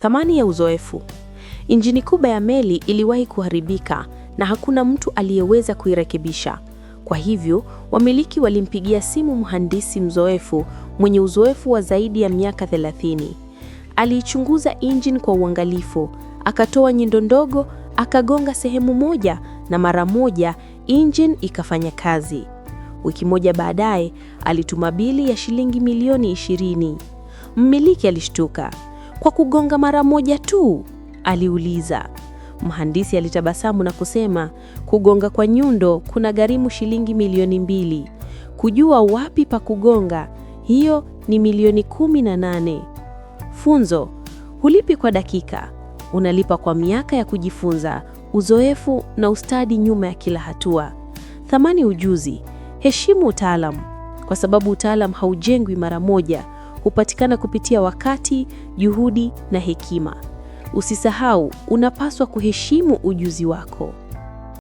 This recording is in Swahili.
Thamani ya uzoefu. Injini kubwa ya meli iliwahi kuharibika na hakuna mtu aliyeweza kuirekebisha. Kwa hivyo, wamiliki walimpigia simu mhandisi mzoefu mwenye uzoefu wa zaidi ya miaka 30. Aliichunguza injini kwa uangalifu, akatoa nyundo ndogo, akagonga sehemu moja na mara moja injini ikafanya kazi. Wiki moja baadaye, alituma bili ya shilingi milioni 20. Mmiliki alishtuka kwa kugonga mara moja tu? aliuliza. Mhandisi alitabasamu na kusema, kugonga kwa nyundo kuna gharimu shilingi milioni mbili. Kujua wapi pa kugonga, hiyo ni milioni kumi na nane. Funzo: hulipi kwa dakika, unalipa kwa miaka ya kujifunza, uzoefu na ustadi nyuma ya kila hatua. Thamani ujuzi, heshimu utaalamu, kwa sababu utaalamu haujengwi mara moja hupatikana kupitia wakati, juhudi na hekima. Usisahau, unapaswa kuheshimu ujuzi wako.